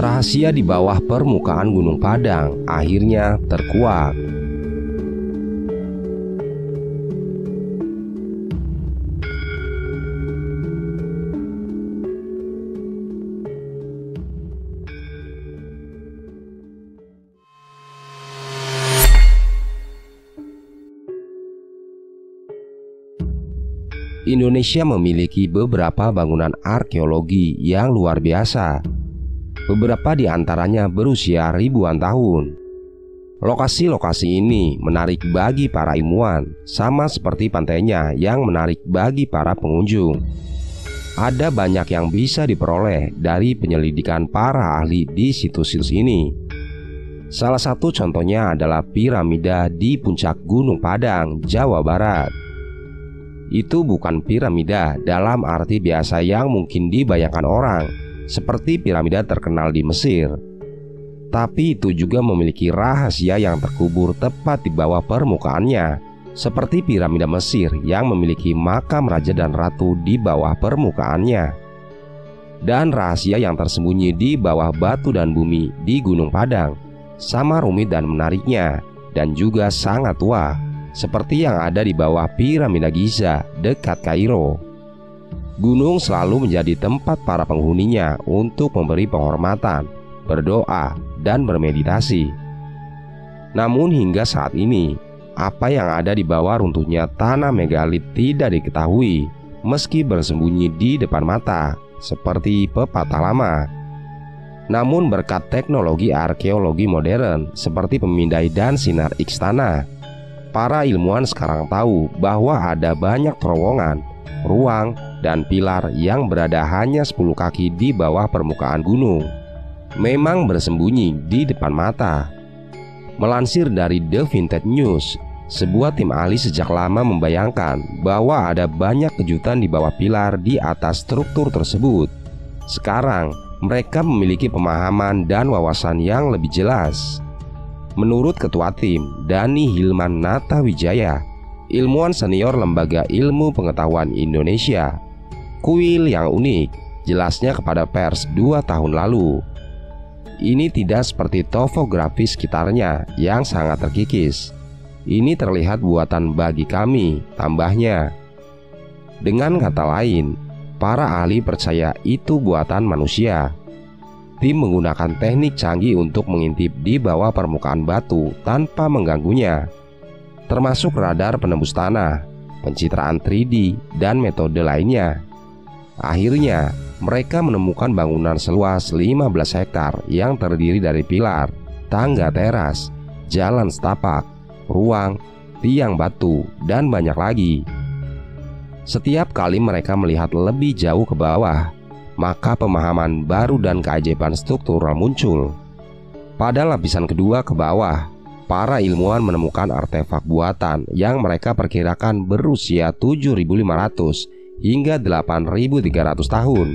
rahasia di bawah permukaan Gunung Padang akhirnya terkuak. Indonesia memiliki beberapa bangunan arkeologi yang luar biasa beberapa di antaranya berusia ribuan tahun. Lokasi-lokasi ini menarik bagi para ilmuwan, sama seperti pantainya yang menarik bagi para pengunjung. Ada banyak yang bisa diperoleh dari penyelidikan para ahli di situs-situs ini. Salah satu contohnya adalah piramida di puncak Gunung Padang, Jawa Barat itu bukan piramida dalam arti biasa yang mungkin dibayangkan orang, seperti piramida terkenal di Mesir. Tapi itu juga memiliki rahasia yang terkubur tepat di bawah permukaannya, seperti piramida Mesir yang memiliki makam raja dan ratu di bawah permukaannya. Dan rahasia yang tersembunyi di bawah batu dan bumi di Gunung Padang, sama rumit dan menariknya, dan juga sangat tua, seperti yang ada di bawah piramida Giza dekat Kairo. Gunung selalu menjadi tempat para penghuninya untuk memberi penghormatan, berdoa, dan bermeditasi. Namun hingga saat ini, apa yang ada di bawah runtuhnya tanah megalit tidak diketahui meski bersembunyi di depan mata seperti pepatah lama. Namun berkat teknologi arkeologi modern seperti pemindai dan sinar X tanah, para ilmuwan sekarang tahu bahwa ada banyak terowongan, ruang, dan pilar yang berada hanya 10 kaki di bawah permukaan gunung memang bersembunyi di depan mata. Melansir dari The Vintage News, sebuah tim ahli sejak lama membayangkan bahwa ada banyak kejutan di bawah pilar di atas struktur tersebut. Sekarang, mereka memiliki pemahaman dan wawasan yang lebih jelas. Menurut ketua tim, Dani Hilman Natawijaya, ilmuwan senior Lembaga Ilmu Pengetahuan Indonesia, kuil yang unik, jelasnya kepada pers dua tahun lalu. Ini tidak seperti topografi sekitarnya yang sangat terkikis. Ini terlihat buatan bagi kami, tambahnya. Dengan kata lain, para ahli percaya itu buatan manusia. Tim menggunakan teknik canggih untuk mengintip di bawah permukaan batu tanpa mengganggunya, termasuk radar penembus tanah, pencitraan 3D, dan metode lainnya. Akhirnya, mereka menemukan bangunan seluas 15 hektar yang terdiri dari pilar, tangga teras, jalan setapak, ruang, tiang batu, dan banyak lagi. Setiap kali mereka melihat lebih jauh ke bawah, maka pemahaman baru dan keajaiban struktural muncul. Pada lapisan kedua ke bawah, para ilmuwan menemukan artefak buatan yang mereka perkirakan berusia 7500 hingga 8.300 tahun.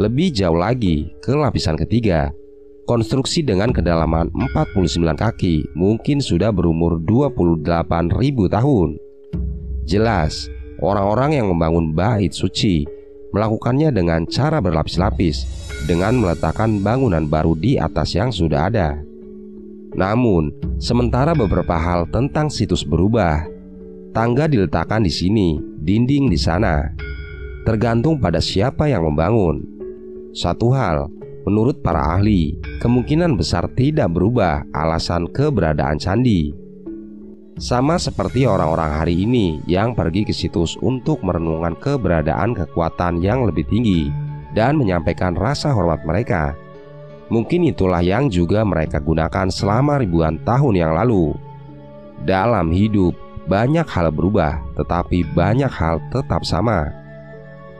Lebih jauh lagi ke lapisan ketiga, konstruksi dengan kedalaman 49 kaki mungkin sudah berumur 28.000 tahun. Jelas, orang-orang yang membangun bait suci melakukannya dengan cara berlapis-lapis dengan meletakkan bangunan baru di atas yang sudah ada. Namun, sementara beberapa hal tentang situs berubah, Tangga diletakkan di sini, dinding di sana. Tergantung pada siapa yang membangun. Satu hal, menurut para ahli, kemungkinan besar tidak berubah alasan keberadaan candi. Sama seperti orang-orang hari ini yang pergi ke situs untuk merenungkan keberadaan kekuatan yang lebih tinggi dan menyampaikan rasa hormat mereka. Mungkin itulah yang juga mereka gunakan selama ribuan tahun yang lalu. Dalam hidup, banyak hal berubah, tetapi banyak hal tetap sama.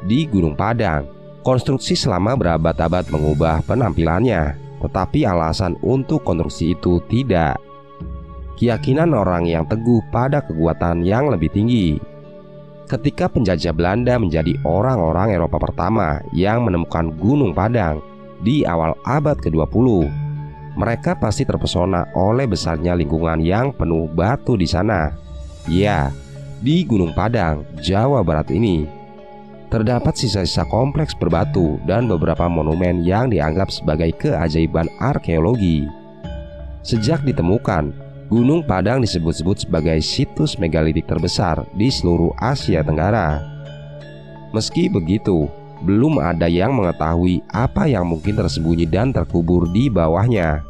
Di Gunung Padang, konstruksi selama berabad-abad mengubah penampilannya, tetapi alasan untuk konstruksi itu tidak. Keyakinan orang yang teguh pada kekuatan yang lebih tinggi. Ketika penjajah Belanda menjadi orang-orang Eropa pertama yang menemukan Gunung Padang di awal abad ke-20, mereka pasti terpesona oleh besarnya lingkungan yang penuh batu di sana. Ya, di Gunung Padang, Jawa Barat ini terdapat sisa-sisa kompleks berbatu dan beberapa monumen yang dianggap sebagai keajaiban arkeologi. Sejak ditemukan, Gunung Padang disebut-sebut sebagai situs megalitik terbesar di seluruh Asia Tenggara. Meski begitu, belum ada yang mengetahui apa yang mungkin tersembunyi dan terkubur di bawahnya.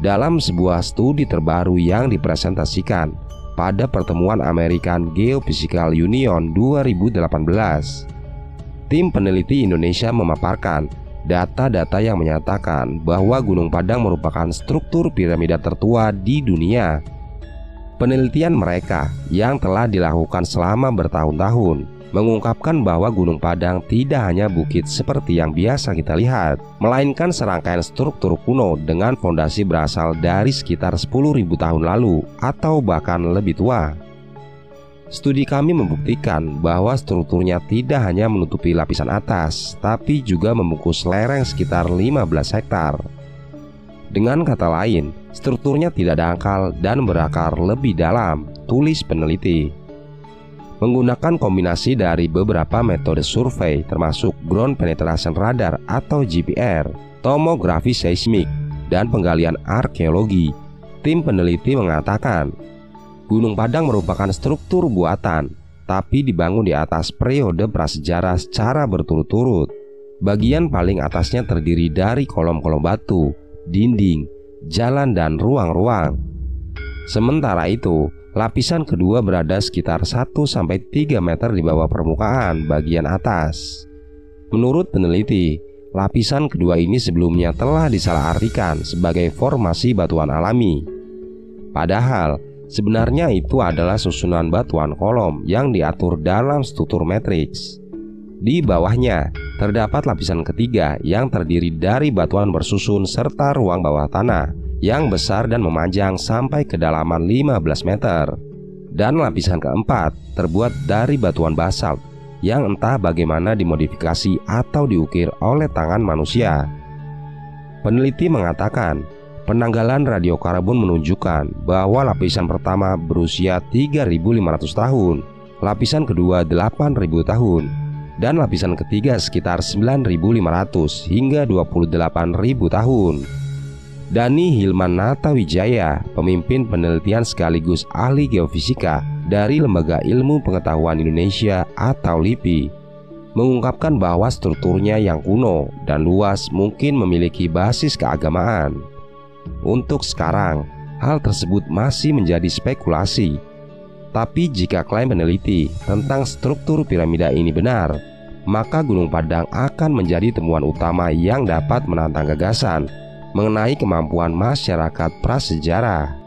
Dalam sebuah studi terbaru yang dipresentasikan, pada pertemuan American Geophysical Union 2018. Tim peneliti Indonesia memaparkan data-data yang menyatakan bahwa Gunung Padang merupakan struktur piramida tertua di dunia. Penelitian mereka yang telah dilakukan selama bertahun-tahun mengungkapkan bahwa Gunung Padang tidak hanya bukit seperti yang biasa kita lihat, melainkan serangkaian struktur kuno dengan fondasi berasal dari sekitar 10.000 tahun lalu atau bahkan lebih tua. Studi kami membuktikan bahwa strukturnya tidak hanya menutupi lapisan atas, tapi juga membungkus lereng sekitar 15 hektar. Dengan kata lain, strukturnya tidak dangkal dan berakar lebih dalam, tulis peneliti menggunakan kombinasi dari beberapa metode survei termasuk ground penetration radar atau GPR, tomografi seismik, dan penggalian arkeologi. Tim peneliti mengatakan, Gunung Padang merupakan struktur buatan, tapi dibangun di atas periode prasejarah secara berturut-turut. Bagian paling atasnya terdiri dari kolom-kolom batu, dinding, jalan dan ruang-ruang Sementara itu, lapisan kedua berada sekitar 1-3 meter di bawah permukaan bagian atas. Menurut peneliti, lapisan kedua ini sebelumnya telah disalahartikan sebagai formasi batuan alami. Padahal, sebenarnya itu adalah susunan batuan kolom yang diatur dalam struktur matriks. Di bawahnya terdapat lapisan ketiga yang terdiri dari batuan bersusun serta ruang bawah tanah yang besar dan memanjang sampai kedalaman 15 meter. Dan lapisan keempat terbuat dari batuan basalt yang entah bagaimana dimodifikasi atau diukir oleh tangan manusia. Peneliti mengatakan, penanggalan radiokarbon menunjukkan bahwa lapisan pertama berusia 3.500 tahun, lapisan kedua 8.000 tahun, dan lapisan ketiga sekitar 9.500 hingga 28.000 tahun. Dani Hilmanata Wijaya, pemimpin penelitian sekaligus ahli geofisika dari Lembaga Ilmu Pengetahuan Indonesia atau LIPI, mengungkapkan bahwa strukturnya yang kuno dan luas mungkin memiliki basis keagamaan. Untuk sekarang, hal tersebut masih menjadi spekulasi. Tapi jika klaim peneliti tentang struktur piramida ini benar, maka Gunung Padang akan menjadi temuan utama yang dapat menantang gagasan mengenai kemampuan masyarakat prasejarah.